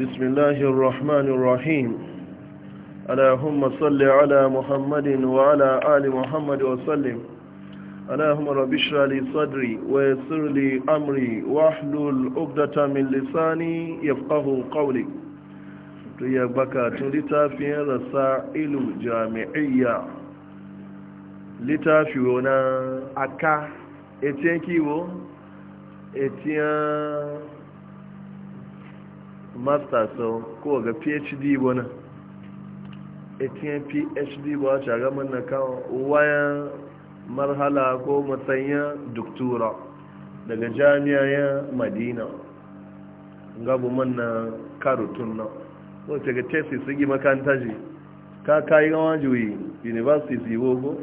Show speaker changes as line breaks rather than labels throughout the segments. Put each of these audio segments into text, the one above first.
بسم الله الرحمن الرحيم اللهم صل على محمد وعلى آل محمد وسلم اللهم رب اشرح لي صدري ويسر لي امري واحلل عقدة من لساني يفقه قولي يا بكا لتافي رسائل جامعية لتافي ونا أكا اتين كيو اتين master sau ko ga phd bona etiyan phd ba a shaga manna kawo wayan marhala ko matsayin doktora daga jami'ayen madina gabu manna karutun nan wata ga tesis sigi gi makanta ji ka kayi gawa juyi university su wogo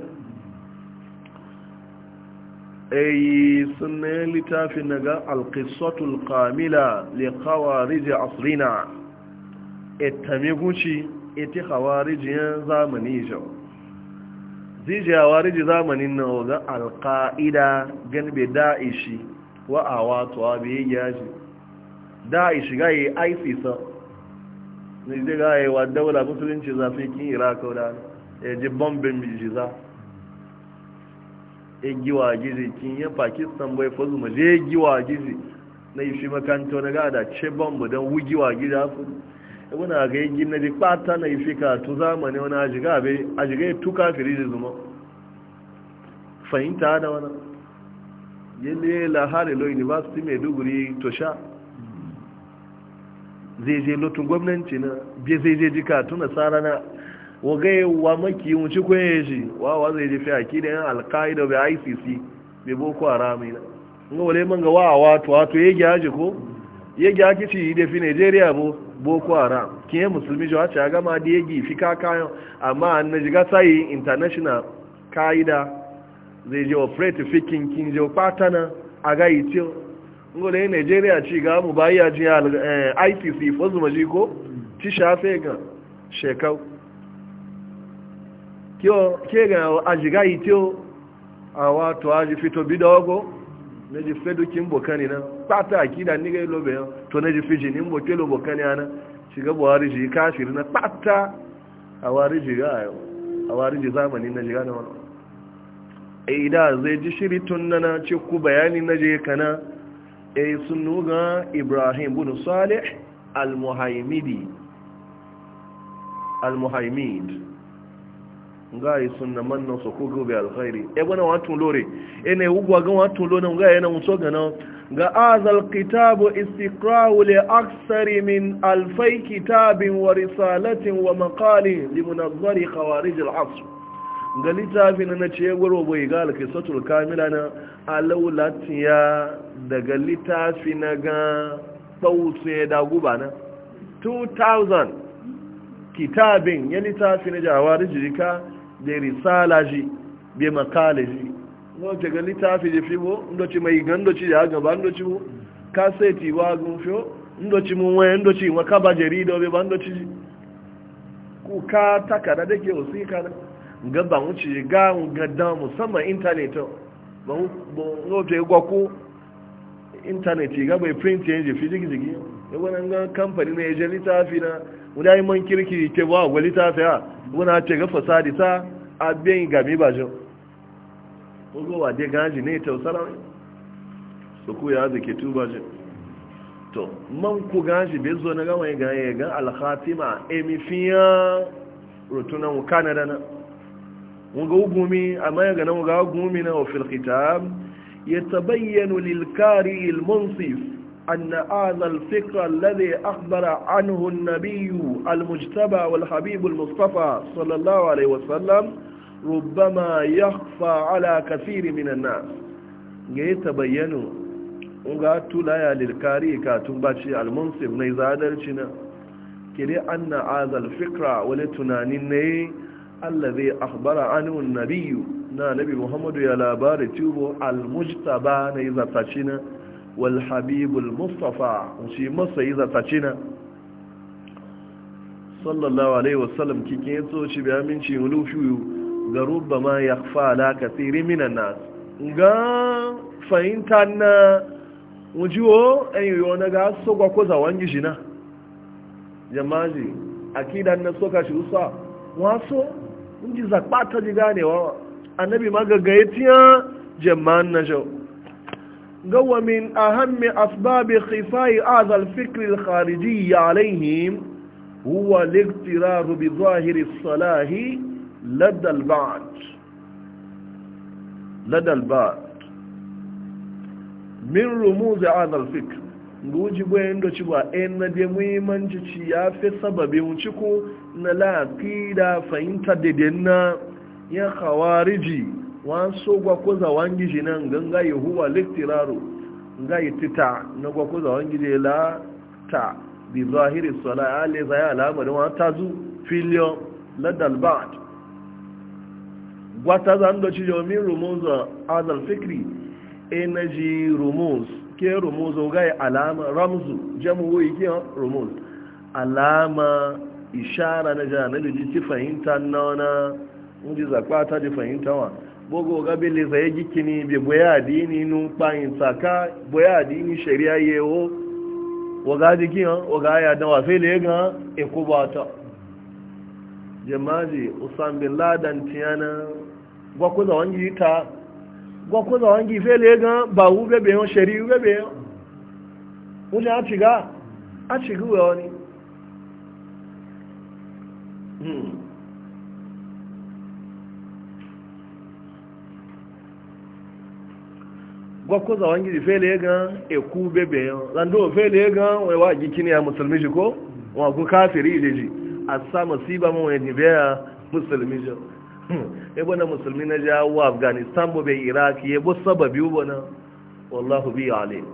ayi sunan littafin na ga alkisotul kamila lekawa rijin asirina etami guci eti hawa rijiyar zamani jau zijiyawa rijin zamanin na ga alka'ida ganbe da'ishi wa'awa tuwa biyi yaji da'ishi ga yi aifisa ne zai ga yi wa daula musulunci zafi kin iraka wadana ya ji bombin bijiza giwa gizi kin yan pakistan bai fazu ma zai giwa gizi na yi fi makanta na gada ce bambu don wugiwa gida fudu ibn a ga yi na jikpata na yi fi katu zamani wani ajiga ya tuka firi zuma fahimta da wani yadda lahari lo university duguri to sha zai je lotun gwamnanci na bai zai je jika tuna tsara na waga wa maki wuce kwaye shi wa wa zai jefe a kida yan alkaida icc bai boko harami na nga wale man ga wa wato wato ya gyaji ko ya gyaji ci da fi nigeria bo boko haram kiye musulmi jawa ce ga ma da ya gi fi amma an na jiga sai international kaida zai je operate fikin kin ke ga ajiga ite awa to aji fito bidogo na ji fedo kin bokani na pata akida ni ga lobe to na ji fiji ni mbo kelo bokani ana shiga buhari ji kafiri na pata a wari ji ga yo a ji zamani na jiga na wani e zai ji shiri tun na ku bayani na je kana e sunu ga ibrahim bin salih al-muhaimidi al-muhaimid nga yi sunna manna so ko gobe alkhairi e gwana watun lore ene ugwa gan watun lore nga yana mutso gana ga azal kitabu istiqra'u li aksari min alfai kitabin wa risalatin wa maqali li munazzari khawarij al-asr ga littafin na ce gwaro bai ga alkisatul kamila na alaulatiya daga littafi na ga tsautse da guba na 2000 kitabin ya littafi na jawarijirika da risala ji bai makala ji no ce ga littafi da fibo ndoci mai gandoci da gaba ndoci mu kaseti wa gumfo ndoci mu waye ndoci makaba jarida bai ba ndoci ji ku ka takada da ke osika na ga ba mu ci ga ga da musamman internet ba mu no ce gwa ku internet ga bai e print yanzu fiziki zigi ya wannan kamfani ne ya je littafi e na e wulai man kirki ke ba wali ta ta wani ce ga fasadi ta abin gami ba jin ko wa de ganji ne tausara su ku ya zake tuba jin to man ku ganji bai zo na ga wani ga ya ga al khatima emi fiya rutuna mu kanada na mu ga gumi amma ya ga na mu ga gumi na wa fil khitam yatabayyanu lil qari al munsif أن هذا الفكر الذي أخبر عنه النبي المجتبى والحبيب المصطفى صلى الله عليه وسلم ربما يخفى على كثير من الناس يتبينوا ungatu la ya lilkari ka tumbaci almunsif ne zadarci na kire anna azal fikra wani tunanin ne allazi akhbara anhu nabiyyu na nabi muhammadu ya labari tubo almujtaba ne zataci na wal habibul mustafa shi masa yi zataci na sallallahu alaihi wasallam kikin ya tsoci bi aminci lufiyu ga rubba ma ya fa ala kasiri minan nas ga fahimta na wujiwo en yiwu na ga sokwa ko zawon gishi na jamaji akidan na soka shi usa waso in ji zakpa ta ji ganewa annabi magagaye tiya jama'an na jau قوى من أهم أسباب خفاء هذا الفكر الخارجي عليهم هو الاغترار بظاهر الصلاه لدى البعض لدى البعض من رموز هذا الفكر نقول bayan da cewa ɗayan na da muhimmanci ci ya fi sababin ciko na laƙi da fahimtar waso gwakuza wangiji nan ganga yi huwa littiraru nga yi tita na gwakuza wangiji la ta bi zahiri ya ale zai alamarin wa ta zu filiyon ladal ba'ad gwata za ndo ci yomin rumuz azal fikri energy rumuz ke rumuz ga yi alama ramzu jamu yi ke rumuz alama ishara na janabi ji ci fahimta na wana mujiza kwata ji fahimta wa bogo gabe le zaye gikini be boya adini nu payin saka boya adini sharia yewo waga jiki ha waga ya dan wa fele ga e ko bata jamaji usam bin ladan tiyana gwa ko zawangi ta gwa ko zawangi fele ga ba wu be be on shari wu be be o ja chiga a chigu woni hmm gwakuza wangiji fele ga eku bebe yau zando fele ga wa gikini ya musulmi shi ko wa ku kafiri da ji a sa masiba mu wani biya musulmi shi e bana musulmi na ja wa afghanistan bo be iraq ye bo sababi bo na wallahu bi alim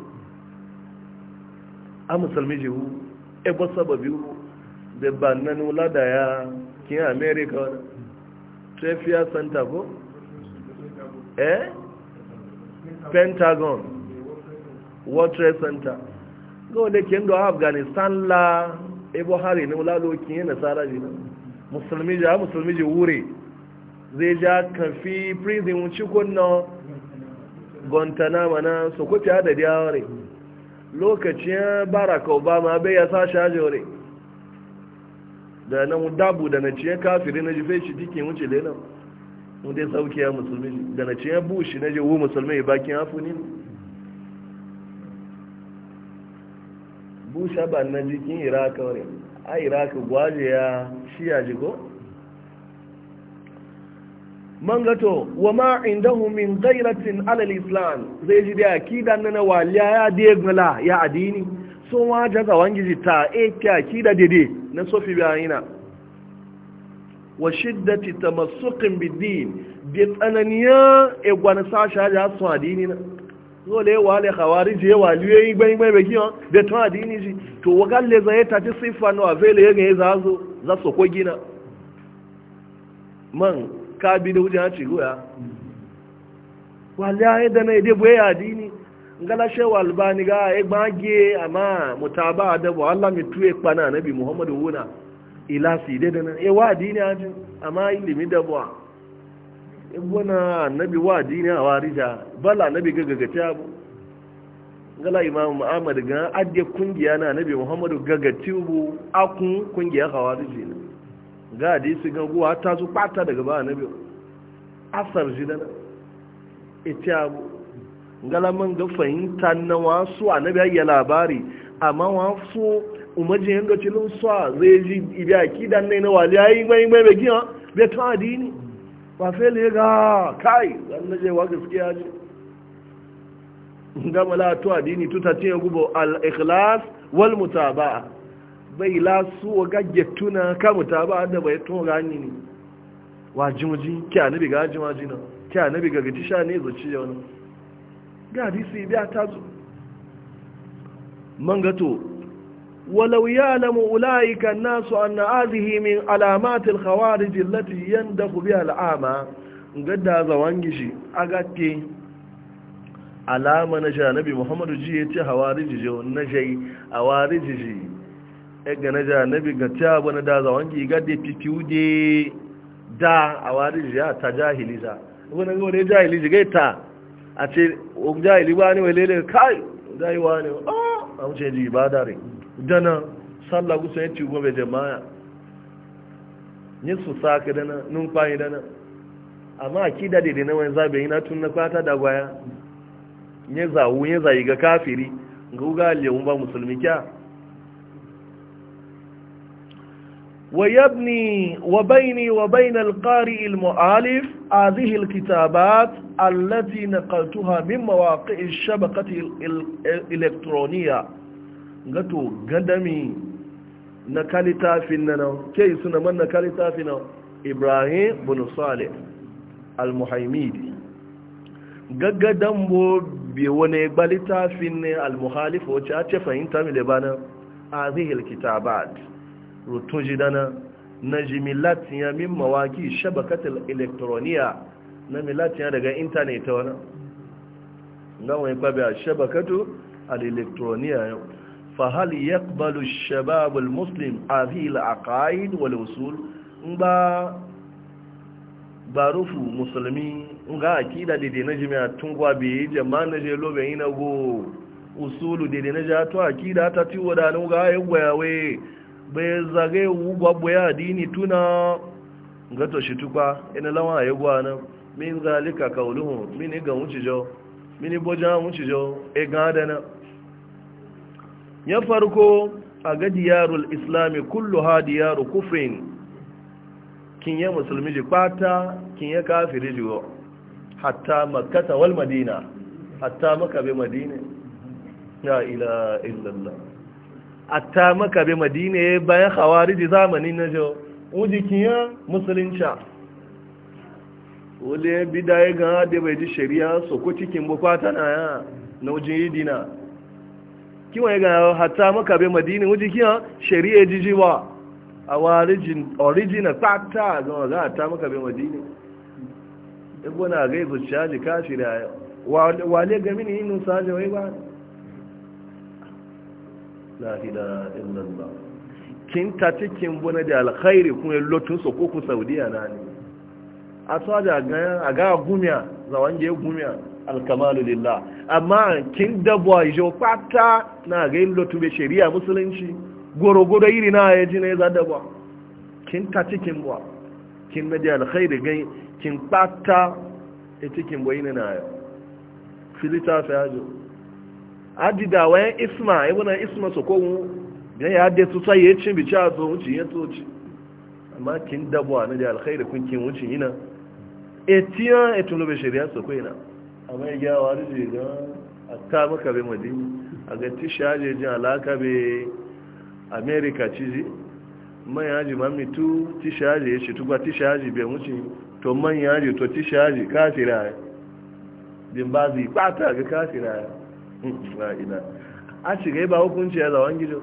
a musulmi ji hu e bo sababi bo da ban nan ya kin america wani trafia santa ko eh pentagon world trade center ga wadda ke ndo afghanistan la ebo hari ne mulalokin yana tsara jina musulmi ja musulmi ji wure zai ja kafi prison wuce kunna guantanamo na su kuce adadi a lokacin barack obama bai ya sa shaje da na mu dabu da na ciye kafiri na jife shi jikin wuce lenan mun dai sauki ya musulmi da na ce ya bushi na je musulmi ya bakin hafu ne busha ba na jikin iraka wani a iraka gwaje ya shi ya jiko man gato wa ma indahu min gairatin alal islam zai ji da akida na waliya ya gula ya adini sun wa jaza gizi ta eh, ki akida dede na sofi bayina wa shiddati tamassuqin bid-din bi tsananiya e gwana sasha ja su adini na so le wale khawarij ye waliye igbe igbe be on de to adini ji to le za ta ti sifa no avele ye nge za zo za so ko gina man ka bi da wuja ci goya le ayi da na ide ya adini ngala wa albani ga e gbage ama mutaba da bo Allah mi tuye pana nabi muhammadu wuna ila su da nan e wa addini a jin amma ilimi da buwa ibuna annabi wa addini a warija bala annabi gagagace abu gala imam muhammad ga ajiye kungiya na annabi muhammadu gagatibu akun kungiya hawariji ne ga su ga guwa ta su kwata daga ba annabi asar ji da nan ita abu gala man ga fahimta na wasu annabi ya labari amma wasu umarci yanga cilin suwa zai ji ibi akida ne na wali ayi yi mai bai giya bai ta adini ba fele ga kai zan na wa gaskiya ce. gama la to adini tuta ce gubo al'ikhlas wal mutaba. bai la wa gagge tuna ka mutaba, da bai to gani ne wa jimoji kya nabi ga jimaji na kya nabi ga sha ne zuci yau ga hadisi bi ta zo man gato ولو يعلم أولئك الناس أن هذه من علامات الخوارج التي يندخ بها العامة قد هذا وانجشي أقاك علامة na نبي محمد na jai a na ja nabi ga da zawon ki ga da fitiyu de da a wariji ta a ce dana sallah gusa ya ci gobe jama'a yin su sa ka dana dana amma a ki dade da nawan zaɓe yana tun na kwata da gwaya ya zawo ya zayi ga kafiri ga wuga aliyahun ba musulmi kya wa yabni wa bayni wa ilmu'alif a almu'alif hadhihi alkitabat allati kaltuha min mawaqi'i ash-shabaqati al-elektroniyah gato gadami na kalitafin na nan ke yi suna manna na kalitafin na ibrahim bin salih al-muhaimidi gaggadan bo bi wani balitafin ne al-muhalif wacce a ce fahimta mai labana a zihil kitabat rutun jidana na jimilatin ya min mawaki shabakatul elektroniya na milatin daga intanet wani nan wani kwabe a shabakatu al-elektroniya yau fahal yaqbalu shabab muslim hadhihi al-aqaid wal usul ba barufu musulmi nga akida dede na jami'a tun gwa be jama'a na je lobe na go usulu dede na ja to akida ta ti wada no ga ya gwayawe be zage wugwa gwa boya dini tuna nga to shi tukwa ina lawan ya gwa na min zalika kauluhu min ga wucijo min boja wucijo e ga na. ya farko a ga diyarul islami kullu ha diyaru kufrin kin ya musulmi ji kwata kin ya kafiri ji hatta makata wal madina hatta maka bi madina ya ila illallah hatta maka bi madina bayan khawariji zamanin na jo uji kin ya musulunca wale ya ga da bai ji shari'a so ko cikin bukwata na ya na yi dina kiwon ga hata maka bai madini wuji kiyan shari'a jijiwa a warijin original fata ga ga hata maka bai madini ibuna ga izu caji kashi da wale ga mini yin saje wai ba la ilaha ba. kin ta cikin buna da alkhairi kuma lotun sokoko saudiya na ne a saja ga a ga gumiya zawan gumi gumiya alkamalu lillah amma kin dabwa jo pata na ga illo tube shari'a musulunci goro iri na ya ji ya za dabwa kin ta cikin bwa kin nadi alkhairi gai kin pata e cikin bwa ina na ya filita fa ajo adida wayan isma ibuna isma so ko ga ya de su sai ya cin bica so wuci ya so ci amma kin dabwa na da alkhairi kun kin wuci ina etiya etunu be shari'a su kwaina na? ya gyawa da je ta maka be madina a ga ti shaje alaka be america ciji man yaji mami tu tishaje shaje ya ce tugba ti be to man ji to tishaje shaje kafira ya bin ba zai bata ga kafira ya ina a ci ba hukunci ya zawon gido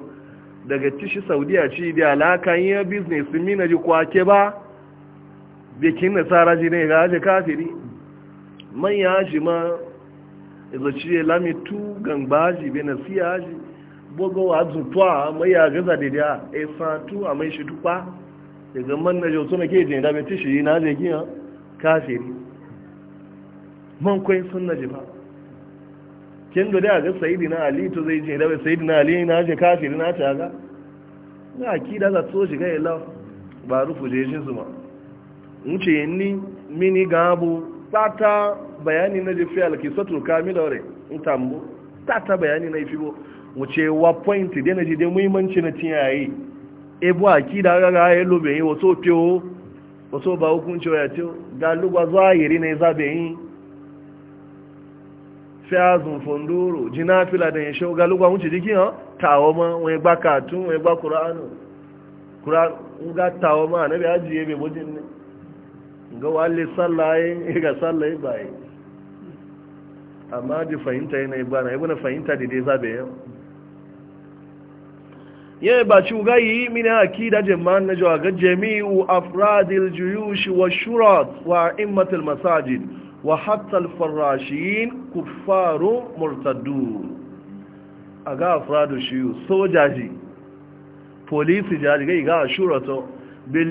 daga tishi saudiya ci da alakan yi business na ji kwake ba bikin nasara shi ne ga aje kafiri man ya ji ma izaci ya lami tu gangba ji bai na siya ji bogo wa zutuwa mai ya gaza da ya e satu a mai shi tukwa daga e man na jau suna ke jin da bai shi, na zai giya kafiri man kwai sun na ji kin da a ga na ali to zai jin da bai na ali na je kafiri na ta ga na akida za so shiga ila ba rufu je shi zuma wuce ni mini gabu tata bayani na jefi alkisatul kamilore tambo tata bayani na ifibo wuce wa point dai na jide muhimmanci na tiyayi ebu akida ga ga yelo be yi wato pio wato ba hukunci ya ce ga lugwa zahiri na zabe yi fiazun fondoro jina fila da yashe ga lugwa wuce jiki ha tawo ma wani gba katun wani gba kur'anu kur'an ga tawo ma na bi ajiye be bojin ne ga wale sallaye ga sallaye baye amma ji fahimta yana yi bana ibina fahimta da dai zabe yau ya ba ci gayi mini haki da jaman na jawa ga jami'u afradil juyush wa shurat wa immatul masajid wa hatta al-farashin kuffaru murtaddu aga afradu shiyu sojaji polisi jaji ga shurato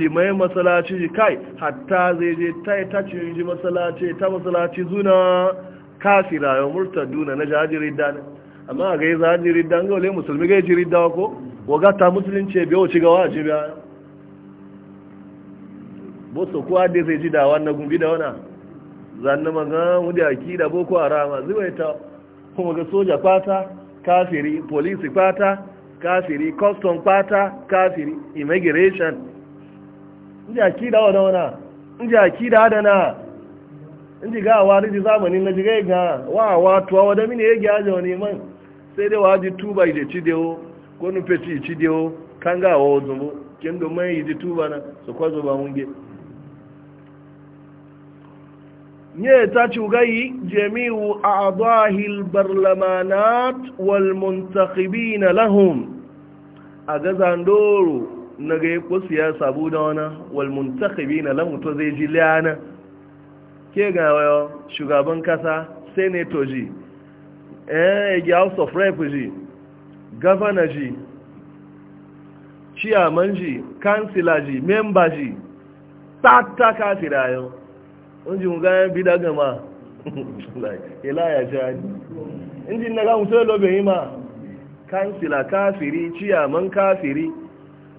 mai masalaci kai hatta zai je ta yi ta cinji masalaci ta masalaci zuna kafira ya duna na jajiri ne amma a gai zajiri dan ga wale musulmi gai jiri dawa ko waga ta musulunci biyo ci gawa ji biya bosu kuwa dai zai ji da wannan gumbi da wana zanna maga wudi akida boko rama zai ta kuma ga soja fata kafiri polisi fata kafiri custom fata kafiri immigration inji akida wa dauna inji akida adana inji ga wa riji zamanin na jigai ga wa wa tuwa wada mini ya gyaje wani man sai dai wa ji tuba ide cidewo ko nufe ci cidewo kan ga wa zumu kin do mai yi tuba na su kwazo ba munge ne ta ci ugayi jami'u a'dahil barlamanat wal muntakhibin lahum a gazandoro na ga ya kusa ya sabu da wani walmuntakabi na lamuto zai ji liyana ke gawa shugaban kasa senator ji eh ya house of rep ji governor ji chairman ji councilor ji member ji tata kafira yau unji mu ga bi da gama ila ya jani inji na ga mutu lobe yi ma councilor kafiri chairman kafiri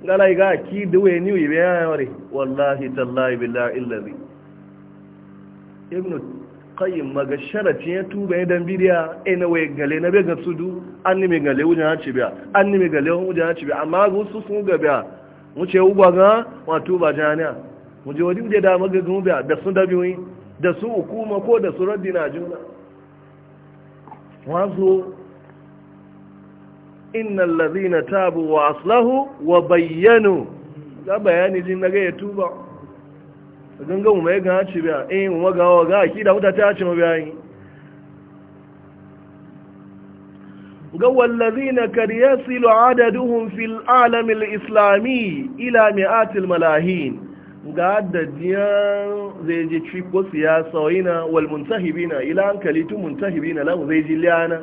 ngala ga ki duwe ni biya yare wallahi tallahi billahi illazi ibnu qayyim maga sharatin ya tuba ne dan bidiya ina waye gale na be ga sudu anni me gale wuja na ci biya anni me gale wuja na ci biya amma go su sun ga biya mu ce uba ga wa tuba janiya, mu je wadi uje da maga biya da sun da biwi da su hukuma ko da su raddina juna wazo innal ladhina tabu wa aslahu wa bayyanu ga bayani jin daga ya tuba ganga mu mai ga ci biya eh mu ga ga akida muta ta ci mu bayani ga wallazina kad yasilu adaduhum fil alam al islami ila mi'at al malahin ga adadiyan zai ji ci ko siyasa wayna wal muntahibina ila ankalitu muntahibina lahu zai ji liyana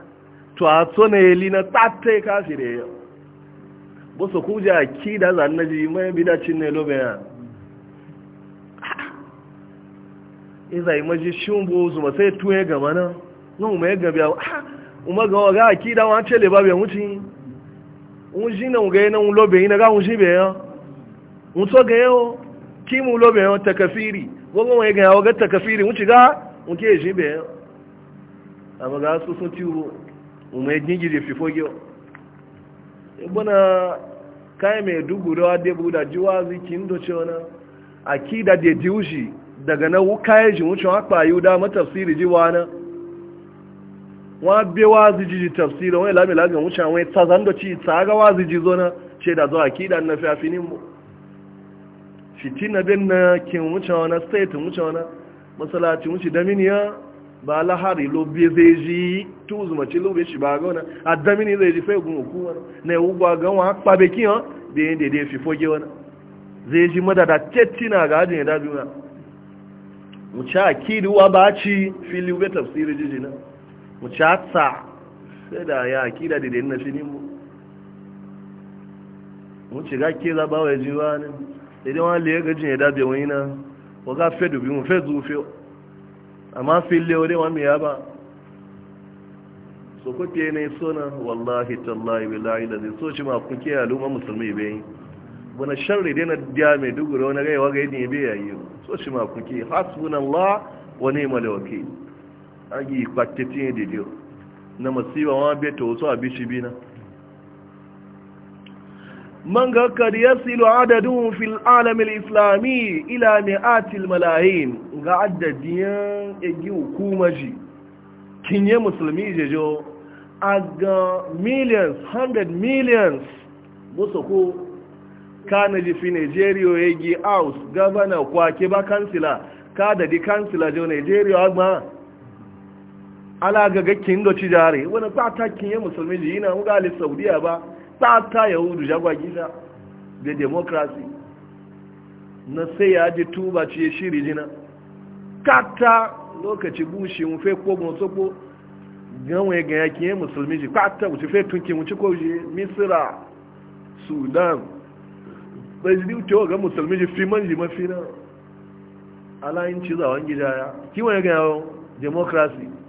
to a tsona ya lina tattai kafire ya ba su kuja ki da zannaji mai bidacin ne lobe ya iza yi maji shimbo su ma sai tuwe gama na nan mai e gabi ya umar gawa ga a da wani cele ba bai wuce un shi na ga yana lobe yana ga un shi bai ya un so ga e yau ki mu lobe e ya takafiri gwagwa mai ga yawa ga takafiri wuce ga un ke ji bai ya amma ga su sun ciwo ume gingiri fifogio ibona kai mai dugurawa da da jiwa zikin doce wani akida da diushi daga na wukaye ji wucin haka yi da matafsiri wa na wa be wazi ji tafsiri wani lami lagan wucin wani tazandoci doci tsaga wazi ji zo na ce da zo akida na fafinin mu fitina bin na kin wucin wani state wucin wani masalaci wucin dominiya ba lahari lo bi zai ji tuzu mace lo shi ba ga wani adamini zai ji fegun hukumar na yi ugba ga wani kpabe kiyan da yin daidai fi foge wani zai ji madada na ga ajin ya dabi wani mace a kiduwa ba ci fili ube tafsiri jiji na mace a tsa sai da ya kida da na mu ga wa wani na mu fe amma fille wani wani ya ba so kuke ne suna wallahi tallahi billahi da zai so ci ma kuke al'umma musulmi bai wani sharri dai na diya mai dugura wani gaiwa ga yadda bai yi so ci ma kuke hasbunallah wa ni'mal wakil agi kwatati da dio na masiba wa bai to so abishi bina Mangak kadi ya silu adadin alamil islami ilanai atil malayin ga addadin ya yi hukumar jiya. Kin yi musulmi je jo, a ga miliyan, hundad miliyan musu ku? Ka na ji fi Nijeriya ya gi house, governor, kuwa ke ba councillor? Ka daɗi councillor jo Nijeriya ma? Ala ga doci jare, wanda za ta kin musulmi jiya ina kula da ali ba? ɓata yahudu jagwa gida da demokrasi na sai ya ji tuba ce shiri jina kata lokaci bushi mu fai ko mun soko ganwe ga yake musulmi ji kata mu fai tunki mu ci ko ji Misira, sudan bazdi to ga musulmi ji fi manji mafi na alayin ci zawon gida ya kiwa ga demokrasi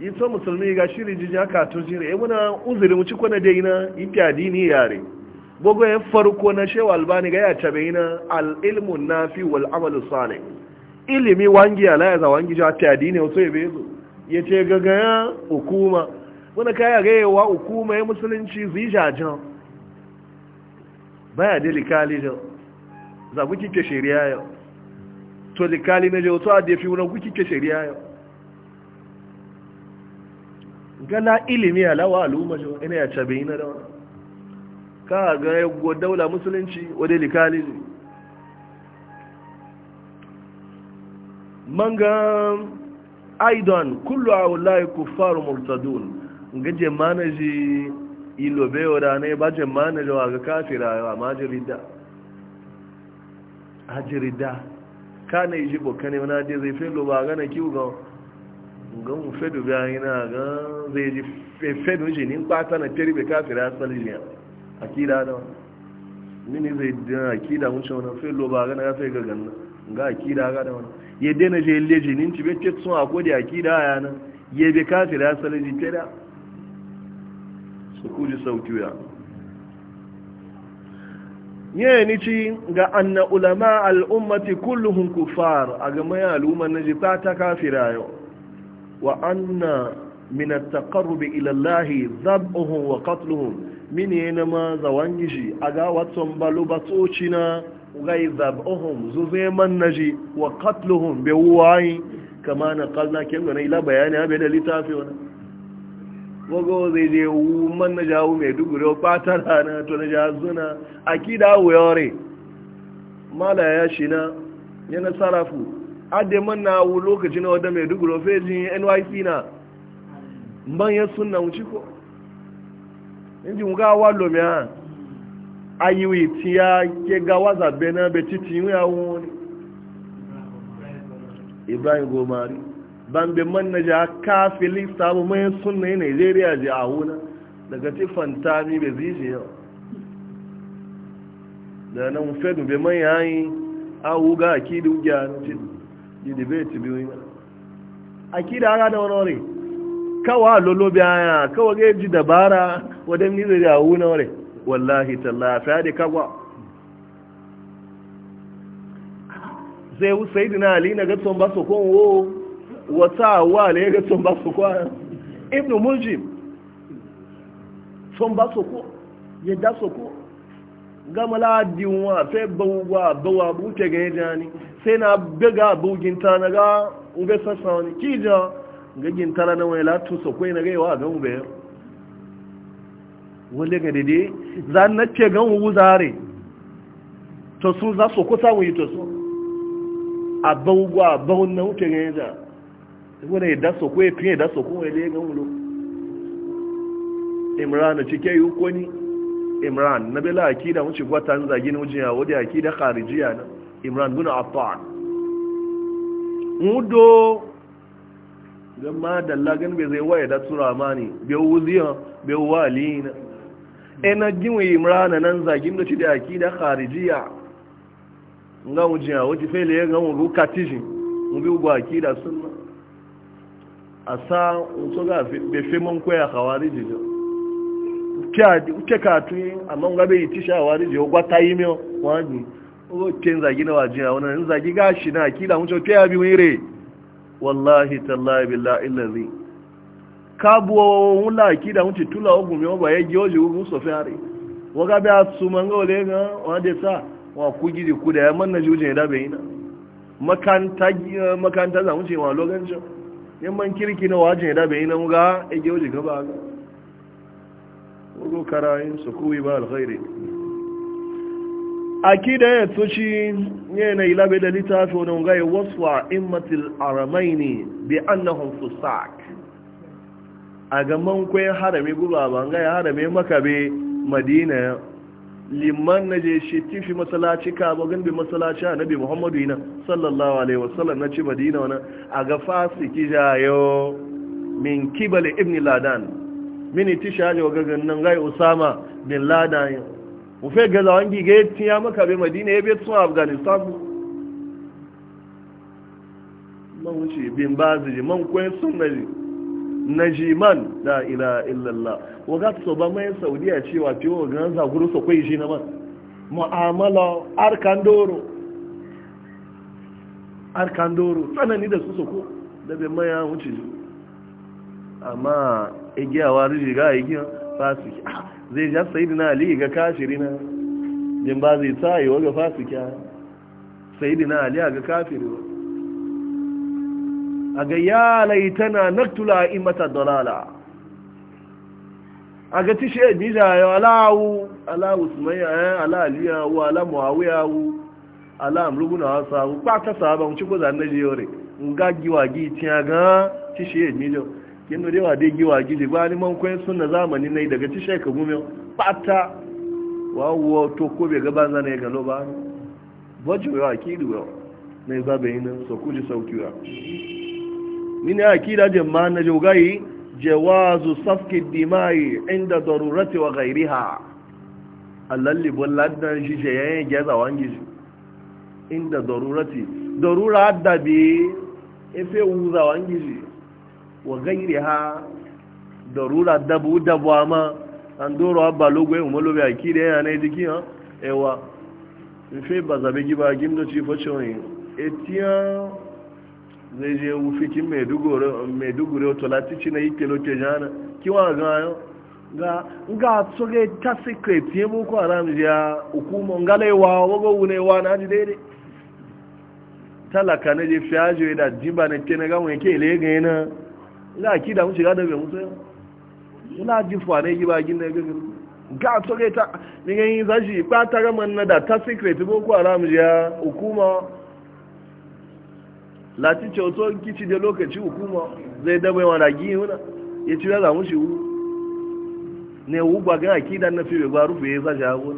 yi to musulmi ga shiri jiji haka to jire muna uzuri mu ci kwana dai yi ipi adini yare bogo ya farko na shewa albani ga ya tabe ina al'ilmu na fi wal amalu sani ilimi wangi ya ya za wangi ja ta adini wato ya bezo ya ce gaga hukuma muna kaya ga yawa hukuma ya musulunci zijajan baya da likali jan za ku kike shari'a yau to likali na je wato a defi wuna ku kike shari'a yau gala ilimi alawa al'umma shi ina ya cabe ina da wani ka ga ya daula musulunci wadda likali ne manga aidan kullu a wulaye faru murtadun ga jemana ji ilobe wadda ne ba jemana ji wa ga kafira wa? ma jirida a jirida ka na yi shi ka wani adi zai fi lo ba gana kiwu ga gan mu fedu biya yana gan zai ji fedu shi nin kwata na fere bai kafin ya tsali ne akida da mini zai dina akida mun cewa fe lo ba gana ya fe ga ganna ga a ga da da wani ya dena je le ji nin tibe ce a akodi da ya na ya bai kafin ya tsali ji fere su kuji sauki ya ni ci ga anna ulama al'ummati kulluhum kufar a ga mai al'umma na ji ta ta kafira yau Wa anna na minantakar ruɓe ila lahi zab umma wakatla. Min ya ma za wanki shi a ga watan Balo batsocina. Nga yi zab umma zuzumai man na shi wakatla na kal na kenda da littafi wani. Wani zai je man na jawo mai dubu da kwatalana, to na je a zuna. A ya yi a sarafu. ade man na wu lokaci na wadda mai duguro fejin nyc na mbanyan suna wuce ko inji muka wa lomi ha ayiwi ti ya ke gawa zabe na be titi yi ya wani ibrahim gomari ban be man na ji ja kafili samu mayan suna yi nigeria ji a wuna daga ti fantami be zishi yau da nan fedu be man yayi awuga akidu gyanu titi yi debate biyu yi akida ara da wani wani kawa lolo aya kawa ga ji dabara wadan ni zai yawo na wani wallahi talla fa da kawa zai wu sayyidina ali na ga ton ba wo wata wa le ga ton ba so kwa ibn muljim ton ba so ko yadda so ko gamala diwa fe bawa bawa bute ga yajani sai na gaga buginta na ga uga sassa wani kija ga na wani latu so kwai na gaiwa ga ube wale ga dede za na ce gan wu zare to su za su kusa wuyi to su a baugu a bawun na wuce ga yaja wani da so kwai fiye da so kuma ya ga wulo imran cike yi hukuni imran na bela akida wuce gwatan zagin wujiya wadda akida kharijiya na imran bin affan mudo gama da lagan bai zai waye da tsura mani bai wuziya bai wali na ina e gin imran nan zagin da ci da akida kharijiya nga mujiya wuti fele ga mu ruka tijin mu bi gwa akida sunna asa so ga be fe mon ko ya khawariji jo kya ke ka tu amma nga be itisha wariji o gwa tayimio wani oken zagi na wajiya wani zagi gashi na akila mun cewa bi bi wire wallahi tallahi billahi illazi kabuwa wula akida mun tula ogun mi oba yeji oje ogun so fare waga bi asuma nga ole nga wa de sa wa ku kuda ya manna juje da be ina makanta eh, makanta za mun ce wa logan jo yan man kirki na waje da be ina muga eje oje gaba ga ogo karayin su kuwi ba alkhairi akida ya tsoci yana yi labe da littafi wani ga wasu a immatil aramai ne bi annahun fusak a gaman kwayar harami guba ba ga ya harami makabe madina liman na je shi tifi masalaci ka ba gan bi masalaci a nabi muhammadu yana sallallahu alaihi wasallam na ci madina wani a ga fasiki jayo min kibale ibn ladan mini tisha wa gaggan nan gai usama bin ladan mu fe gaza wangi ga tiya maka be madina ya be tun afghanistan mu man wuce bin ba bazi man kwen sun naji najiman la ila illallah waga to ba mai saudiya cewa ce wa ganan za guru so shi na man mu'amala arkan doro arkan doro tsanani da su so ko da bai maya wuce amma igiyawa rijiga igiya fasiki zai ja sayidina ali ga kafirina din ba zai ta yi waga fasikya sayidina ali ga kafirina a ga ya laitana naktula mata dalala a ga tishe nija ya alawu alawu usmaiya ya ala aliyawu ala muawiyawu ala amruguna wasu abu ba ta sahaban cikin zanen jiyore ga giwa gi tiya ga tishe nija kin nuri wa dai giwa gidi ba ni man koyin sunna zamani nai daga ci sheka fata pata wa to ko be gaban zan ne galo ba bojo ya akidu wa nai ba be ina so kuji ni ne akida je man na jogai jawazu safki dimai inda darurati wa ghairiha alalli bolladdan shi je yayin jaza wangi inda darurati darura adabi ife wuza wangi wa gairi ha da rura dabu dabu ma an doro abba logo yin malo a aki da yana jiki ha ewa nfe ba zabe ba gimdo ci fashe wani etiyan zai je ki maiduguri otu lati ci na ike loke jana kiwa ga yau ga nga tsoge ta secret ye ko haram ya hukumo ngale wa wogo wune wa na ji dede talaka ne je fiaje da jiba ne tene ga mun ke le ga yana Ina akida mun shiga da mai mutu yau ila ji fane gi ba gin da gani ga to kai ta ni gani zaji ba ta raman na da ta secret boko haram ya hukuma lati ce to kici da lokaci hukuma zai dabe yawan da gi huna ya ci da mu shi ne wu ba ga akida na fi ba rufe ya zaji hawo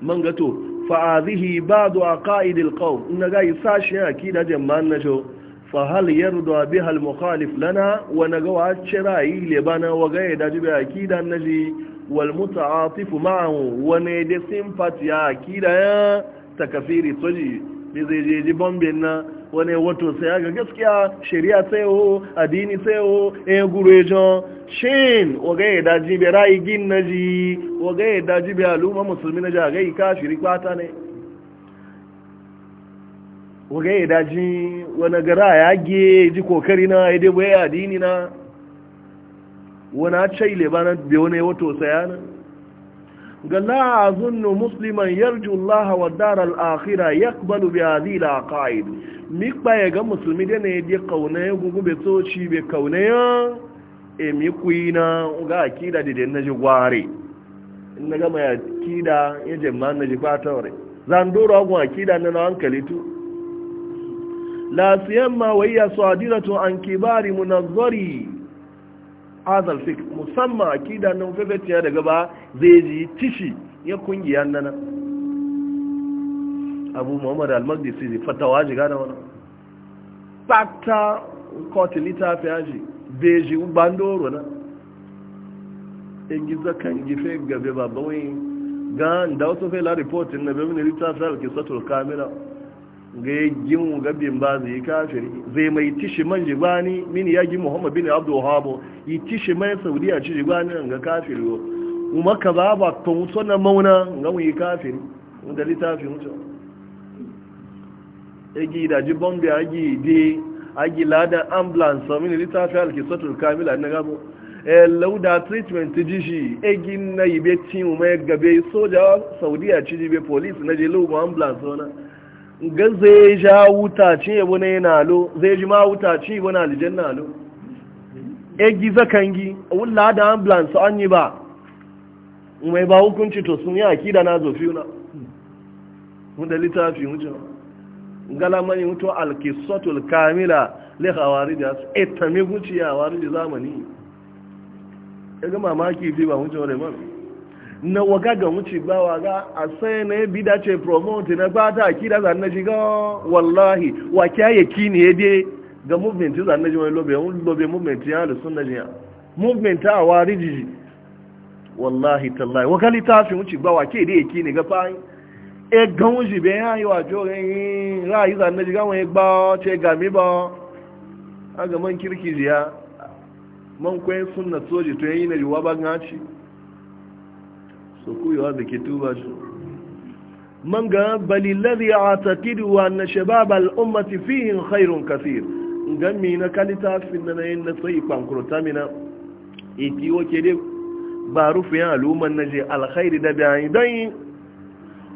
man ga to fa azihi ba'du aqaid alqawm in ga yi sashi akida jama'an na jo fahal yarda biha al-mukhalif lana wa nagawa chirai lebana wa gaye a jibi akida naji wal a ma'ahu wa ne de sympathy ya akida ya takafiri soji ne zai je ji bombe na wani wato sai ga gaskiya shari'a sai o addini sai o e jan shin wa daji da jibi rai gin ji, wa gaye da jibi al'umma musulmi naji ga kai kafiri kwata ne waga ya daji wani gara ya ge ji kokari na ya dai bai adini na wani cai lebana bai wani wato saya ga la zunnu musliman yarju allaha wa dar al akhirah yaqbalu bi hadhihi al aqaid mi kpaye ga musulmi da ne dai kauna ya gugu be soci be kauna ya e mi kuina ga akida da den naji gware in ga mai akida ya jama'a naji fatawre zan dora gwa akida na hankali tu la siyamma wa hiya sadiratu an kibari munazzari azal fik musamman akida nan fefetiya daga ba zai ji tishi ya kungiya nana abu muhammad al-magdisi zai fatawa jiga da wani pata kotu littafi yaji beji bandoro na ingiza kan gife gabe babawai ga da wasu fela reportin na bebe ne littafi alkisatul kamila ga yagin gabin ba zai yi kafiri zai mai tishi man jibani mini yagi muhammad bin abdul wahab yi tishi man saudiya ci jibani ga kafin kafiri kuma ka ba ba to mutu na mauna ga mu yi kafiri da littafin mutu yagi da jibon da yagi de agi ladan ambulance mini littafin alkisatul kamila na gabo e, lauda treatment ti ji shi egin na ibe tin ume gabe soja saudiya ci jibe police na je lu ambulance ona ga zai ja wuta ce yabo na yana lo zai ji ma wuta ce yabo na aljanna ya e egi zakangi wula da ambulance an yi ba mai ba hukunci to sun yi da na zofi na wanda littafi wuce galamani mutu alkisotul kamila le hawari da su etame wuce ya hawari da zamani ya e ga mamaki fi ba wuce wadda na waga ga wuce ba waga a sai na yabi da ce promote na ba ta kira zan na shiga wallahi wa kyaye kini ya dai ga movement zan na ji wani lobe wani lobe movement ya da sunna jiya movement a wari jiji wallahi tallahi wa kali tafi wuce ba wa ke dai kini ga fa e ga wuce be ya yi wa jo ra yi zan na shiga wani ba ce ga mi ba a ga man kirki jiya man kwaye sunna soji to yayi na jiwa ba ngaci so kuyewa wanda ke tuba shi manga a takiduwa na shababal ummati fihin khairun kasir gami na kalita finna na yin na tsayi kwankurta mina iki wake dai ba rufe yan al'umman na je alkhairi da bayan don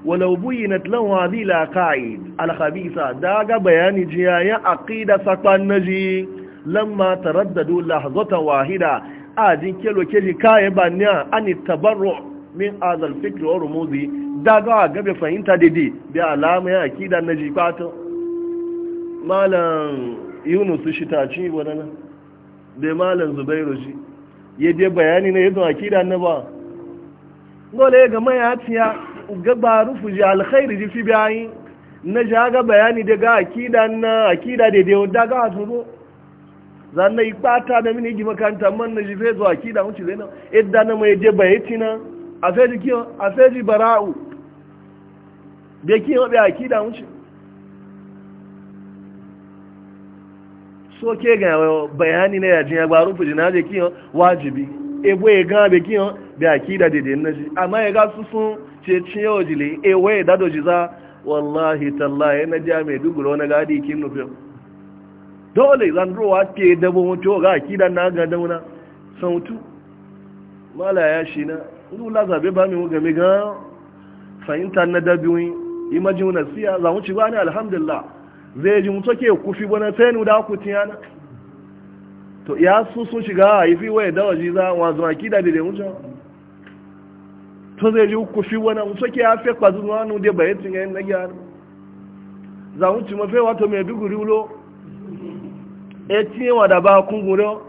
walau buyinat lahu hadhihi al-aqaid al-khabitha daga bayani jiya ya aqida sakwan naji lamma taraddadu lahzatan wahida ajin kelo keji kaye banya an tabarru min azal fikri wa rumuzi daga a gabe fahimta daidai bi alama ya akida na jifata malam yunus shi ta ci nan. da malam zubairu shi ya je bayani na yadda akida na ba dole ga maya tiya gaba rufu ji alkhairi ji fi bayani na ja ga bayani daga akida na akida daidai wadda ga a zanna ipata da mini gima kanta man na jife zuwa akida wuce zai na idda na mai je na. afeji kiyo afeji bara'u be kiyo be akida wuce so ke ga bayani na yajin ya gbaru fuji na je kiyo wajibi ebo ya ga be kiyo be akida dede na ji amma ya ga su sun ce cin yau jile ewe ya dado ji za wallahi tallahi na ja mai duguro na gadi kin nufin dole zan ruwa ke dabo mutuwa ga na ga dauna sautu mala ya shi na ulu la zabe ba mi wo mi ga fahimta na dabiwi imaji na siya za mu ci ba ni alhamdulillah zai ji mu take kufi bana sai da ku tiyana to ya su su shiga yi fi waye dawaji za wa zuwa kida da da mutum to zai ji kufi bana mu take ya fe kwazu na nu da bayan tin yayin na gyara za mu ci mafe wato mai duguri ulo e tiyewa da ba kungure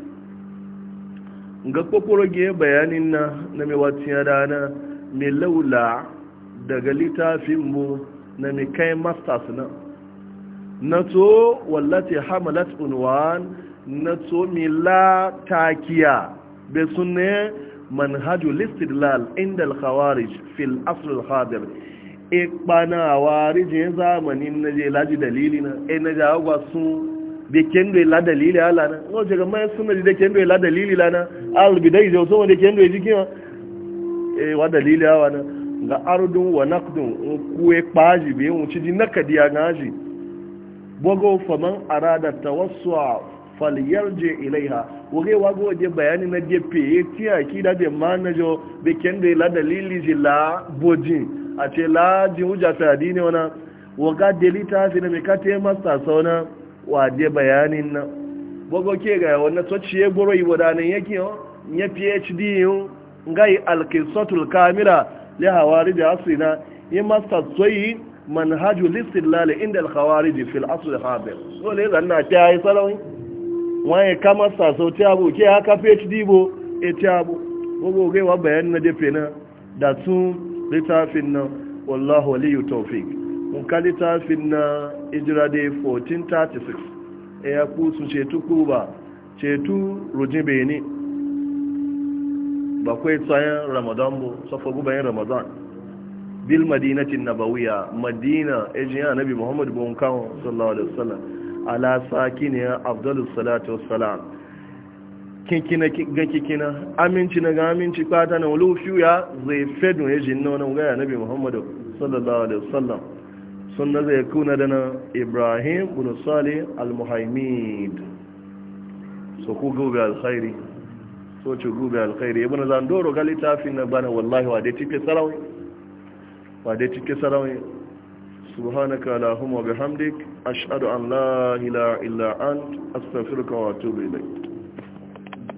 ga kokoro ge bayanin na na mai wacin rana mai laula daga littafin mu na mai kai masters na na to wallace hamalat unwan na to mai la takiya bai sunne manhajul istidlal inda al-khawarij fil asr al-hadir ikpana warijin zamanin naje laji dalilina na e da kendo ila dalili ala na ngo je gama sunna da kendo ila dalili la na al bidai je so da kendo jiki ma e wa dalili awa na ga ardun wa naqdun kuwe paji be mu ciji nakadi ya gaji bogo faman arada tawassu'a falyarji ilaiha wage wago je bayani na je pe ti e, akida de manajo be kendo ila dalili je la boji a ce la ji hujja ta dini wana waga delita sai na me kate masta sauna waje bayanin na gogo ke ga wannan ya goro yi wadanin yake yau ya phd yau, ngai ya hawari da asu asina yi tsoyi manhajo manhaju lalai inda al da fil da dole zan na ta yi salawin wani kama sasau ta abu ke haka phd bo e ta abu gogo gaiwa bayan na jefe na da sun littafin nan wallahu waliyu taufik muka littafin na ijira day 1436 e ya ku su cetu kuba cetu rujin benin bakwai tsayin ramadan bu safa gubayin ramadan bil madinatin nabawiya madina ejiya nabi muhammad bin kawo sallallahu alaihi wasallam ala ya abdullu salatu wassalam kikina ga kikina aminci na ga aminci kwata na wulu fiya zai fedun ejin wani ga nabi muhammad sallallahu alaihi wasallam sunna zai kuna da na ibrahim bin al-muhaimid so ku gube alkhairi so ci gube alkhairi ibn zandoro ga littafin na bana wallahi wa dai wa dai subhanaka allahumma bihamdik ashhadu an la ilaha illa ant astaghfiruka wa atubu ilayk